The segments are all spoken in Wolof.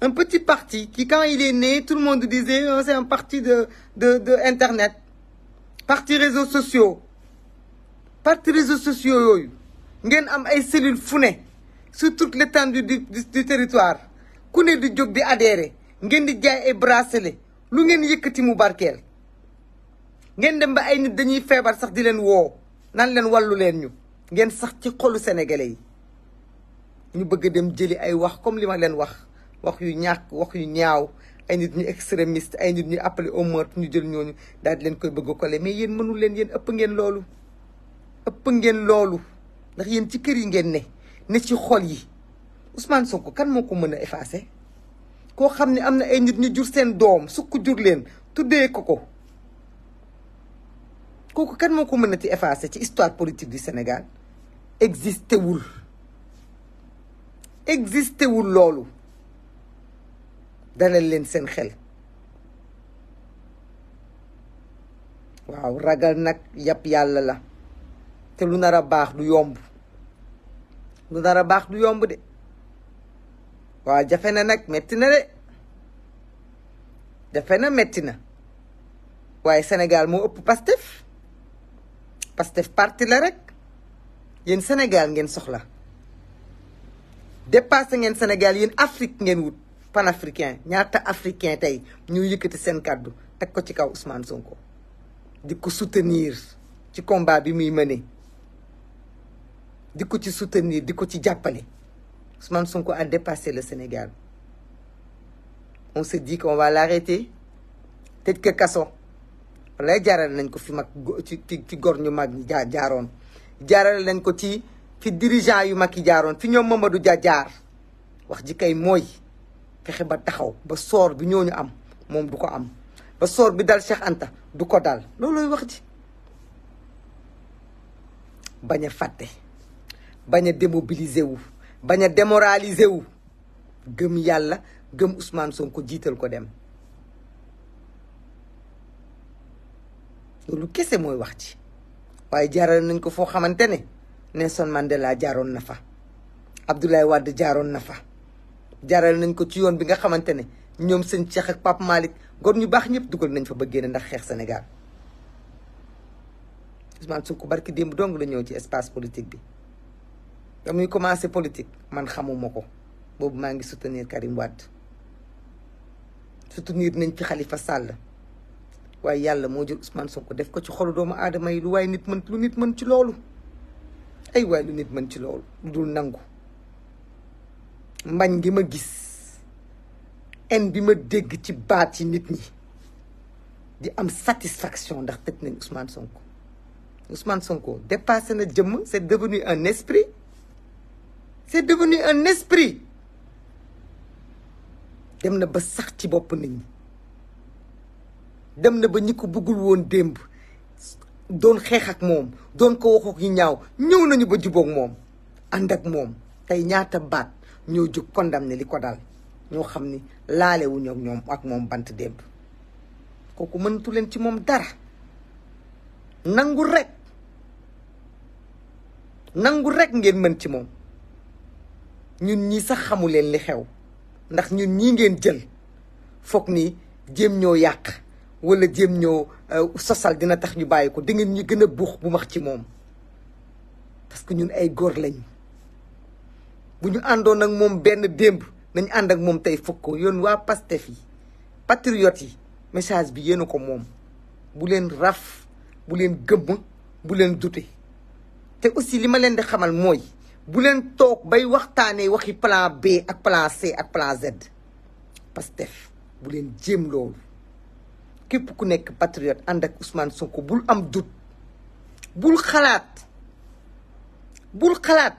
un petit parti qui, quand il est né, tout le monde disait que oh, c'est un parti de, de, Internet. Parti réseaux sociaux. Parti réseaux sociaux Vous avez des cellules founé sur toute l'étendue du du territoire ku ne di jóg qui des gens di jaay ay des lu qui gens. mu barkeel. dem ba ay nit dañuy feebar sax di len wo nan len walu len ñu sax ci xolu sénégalais yi ñu bëgg dem jëli ay wax comme li gens wax. wax yu ñàkk wax yu ñaaw ay nit ñu extrémiste ay nit ñu appelé au meurtre ñu jël ñooñu daad leen koy bëgg a coller mais yéen mënul leen yéen ëpp ngeen loolu ëpp ngeen loolu ndax yéen ci kër yi ngeen ne ne ci xool yi Ousmane Sonko kan moo ko mën a effacer koo xam ne am na ay nit ñu jur seen doom sukk jur leen tuddee ko ko kooku kan moo ko mën a ci effacer ci histoire politique du Sénégal existé wul existé loolu dalal leen seen xel waaw ragal nag yàpp yàlla la te lu nar a baax du yomb lu nar a baax du yomb de waaw jafe na nag metti na de jafe na metti na waaye Sénégal moo ëpp Pastef Pastef parti la rek yéen Sénégal ngeen soxla dépassé ngeen Sénégal yéen Afrique ngeen wut panafricain ñaata africain tay ñu yëkëti sen cadeau teg ko ci kaw Ousmane Sonko diko soutenir ci combat bi muy mené diko ci soutenir diko ci jappalé Ousmane Sonko a dépassé le Sénégal on se dit qu'on va l'arrêter peut-être que lay jaarale nañ ko fi mak ci ci góor ñu mag ñi jaa jaaroon jaarale nañ ko ci fi dirigeant yu mag yi jaaroon fi ñom Mamadou Dia jaar wax ji kay fexe ba taxaw ba soor bi ñooñu am moom du ko am ba soor bi dal seex Anta du ko dal loolooy wax ji bañ a fàtte bañ a démobiliser wu bañ a démoraliser wu gëm yàlla gëm Ousmane ko jiital ko dem loolu kese mooy wax ji waaye jaaral nañ ko foo xamante ne Nelson Mandela jaaroon na fa Abdoulaye Wade jaaroon na fa jaral nañ ko ci yoon bi nga xamante ne ñoom seen Cheikh ak Pape Malick góor ñu baax ñëpp dugal nañ fa bëggee ne ndax xeex Sénégal Ousmane Sonko barki démb dong la ci espace politique bi da muy commencé politique man xamuma ko boobu maa ngi soutenir Karim Wade soutenir nañ ci Khalifa Sall waaye yàlla moo jël Ousmane Sonko def ko ci xolu doomu aadama yi lu waaye nit mën lu nit mën ci loolu ay waay lu nit mën ci loolu lu dul nangu mbañ ngi ma gis en bi ma dégg ci baat yi nit ñi di am satisfaction ndax tëj nañ Ousmane Sonko Ousmane Sonko dépassé na jëmm c' est devenu un esprit c' est un esprit dem na ba sax ci bopp nit ñi dem na ba ñi ko buggul woon démb doon xeex ak moom doon ko wax yi ñaaw ñëw nañu ba jubóog moom ànd ak moom tey ñaata baat ñoo jóg condamné li ko dal ñoo xam ni laale wuñu ak ñoom ak moom bant démb kooku mënatu leen ci moom dara nangu rekk nangu rek ngeen mën ci moom ñun ñi sax xamu leen li xew ndax ñun ñii ngeen jël foog ni jéem ñoo yàq wala jéem ñoo euh, sosal dina tax ñu bàyyi ko di ngeen ñu gën a buux bu max ci moom parce que ñun ay góor lañ bu ñu àndoon ak moom benn démb nañu ànd ak moom tey fukk yoon waa Pastef yi patriotes yi message bi yéen a ko moom bu leen raf bu leen gëmm bu leen dute te aussi li ma leen di xamal mooy bu leen toog bay waxtaanee waxi plan B ak plan C ak plan Z Pastef bu leen jéem loolu képp ku nekk patriote ànd ak Ousmane Sonko bul am dut bul xalaat bul xalaat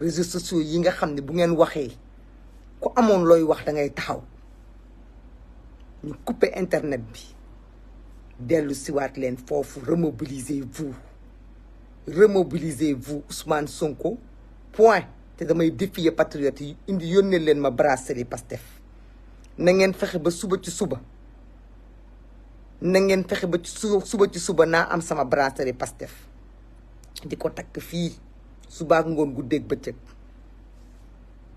réseaux sociaux yi nga xam ne bu ngeen waxee ku amoon looy wax da ngay taxaw ñu couper internet bi dellu siwaat leen foofu remobilisez vous remobilisez vous Ousmane Sonko point te damay défier patriotes yi indi yónnee leen ma brasserie Pastef na ngeen fexe ba suba ci suba na ngeen fexe ba ci suba ci suba naa am sama brasserie Pastef di ko takk fii su subaak ngoon guddeeg bëccëg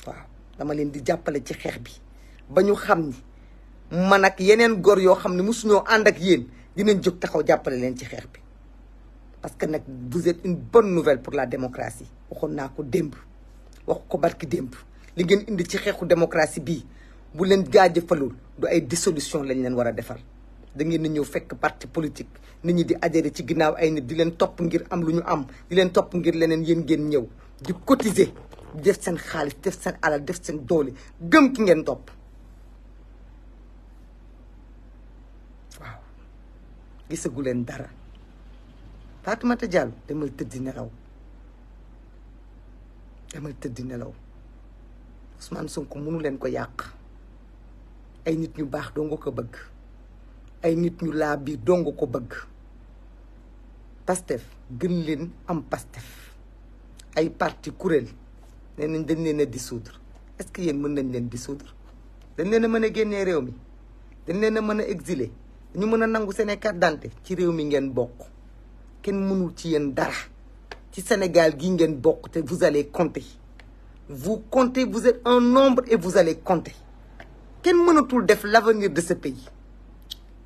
waaw dama leen di jàppale ci xeex bi ba ñu xam ni man ak yeneen gor yoo xam ne mosuñoo ànd ak yéen dinañ jóg taxaw jàppale leen ci xeex bi parce que nag vous êtes une bonne nouvelle pour la démocratie waxoon naa ko démb wax ko barki démb li ngeen indi ci xeexu démocratie bi bu leen gaa jaajëfalul du ay dissolution lañ leen war a defal da ngeen di ñëw fekk parti politique nit ñi di adhéré ci ginnaaw ay nit di leen topp ngir am lu ñu am di leen topp ngir leneen yéen ngeen ñëw di cotiser def seen xaalis def seen alal def seen doole gëm ki ngeen topp waaw gisagu leen dara Fatoumata Diallo demal tëddi nelaw demal tëddi nelaw Ousmane Sonko mënu leen ko yàq ay nit ñu baax doo nga ko bëgg ay nit ñu la bi dong ko bëgg pastef gën leen am pastef ay parti kurel né nañ dañ leen a dissoudre est-ce que yéen mën nañ dissoudre dañ leen a mën a de réew mi dañ leen a exiler ñu mëna ci mënul ci dara ci Sénégal gi vous allez compter vous comptez vous êtes un nombre et vous allez compter kenn mënatul def l'avenir de ce pays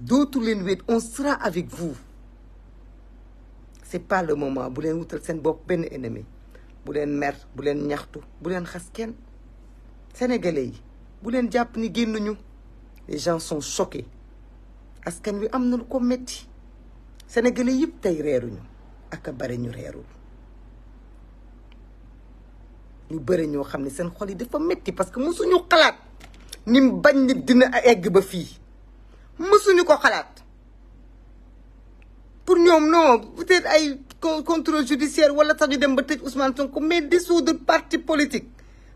dootu les nuits on sera avec vous c'est pas le moment bu leen wutal seen bopp ben ennemi bu leen mer bu leen ñaxtu bu leen xas kenn sénégalais yi bu leen jàpp ni génnuñu les gens sont choqués Asken wi am na lu ko metti sénégalais yip tay reeruñu ak akabare bari ñu reerul ñu bëri ñoo xam ne seen xol yi dafa metti parce que mosuñu xalaat ni mu bañ dina egg ba fii mësuñu ko xalaat pour ñoom non peut-être ay contrôle judiciaire wala sax dem ba tëj Ousmane Sonko mais dissoudre parti politique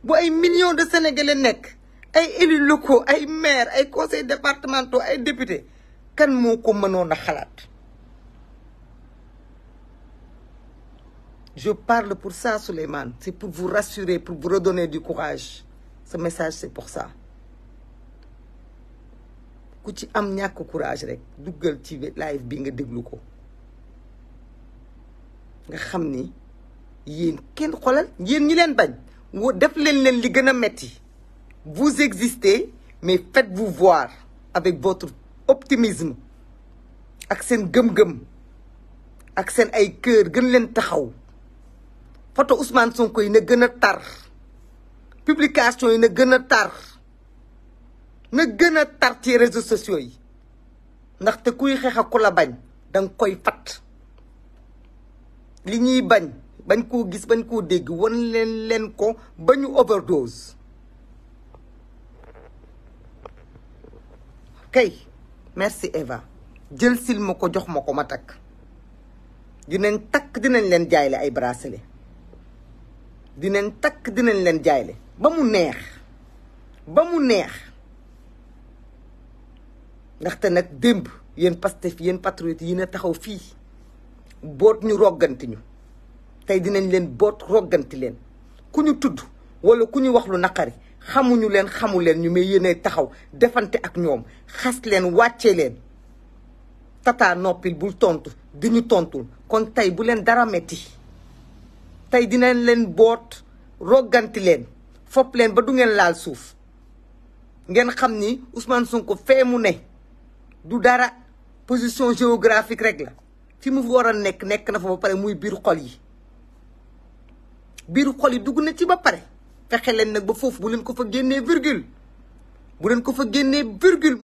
bu ay millions de sénégalais nekk ay élus locaux ay maires ay conseils départementaux ay députés kan moo ko mënoon a xalaat. Je parle pour ça, Souleymane. C'est pour vous rassurer, pour vous redonner du courage. Ce message, c'est pour ça ku am ñak courage rek duggal ci live bi nga déglu ko nga xamni yeen kenn xolal yeen ñi leen bañ def leen leen li gëna metti vous existez mais faites-vous voir avec votre optimisme ak seen gëm-gëm ak seen ay cœur gën leen taxaw photo Ousmane Sonko yi na gëna tar publication yi na gëna tar na gën a tar ci réseaux sociaux yi ndaxte kuy xeex ak ku bañ danga koy fat li ñuy bañ bañ koo gis bañ koo dégg won leen leen ko ba ñu overdose kay merci Eva jël silma ko jox ma ko ma takk dinañ takk dinañ leen jaayle ay bracelet dinañ takk dinañ leen jaayle ba mu neex ba mu neex ndaxte nag démb yéen Pastef yéen patriotes yi ne taxaw fii boot ñu rogganti ñu tey dinañ leen boot rogganti leen ku ñu tudd wala ku ñu wax lu naqari xamuñu leen xamu leen ñu may yéenay taxaw defante ak ñoom xas leen wàccee leen tata noppil bul tontu di ñu tontu kon tey bu leen dara metti tey dinañ leen boot roganti leen fopp leen ba du ngeen laal suuf ngeen xam ni Ousmane Sonko fee mu ne du dara position géographique rek la fi mu war a nekk nekk na fa ba pare muy biir xol yi biir xol yi dugg na ci ba pare fexe leen nag ba foofu bu leen ko fa génnee virgule bu leen ko fa génne virgule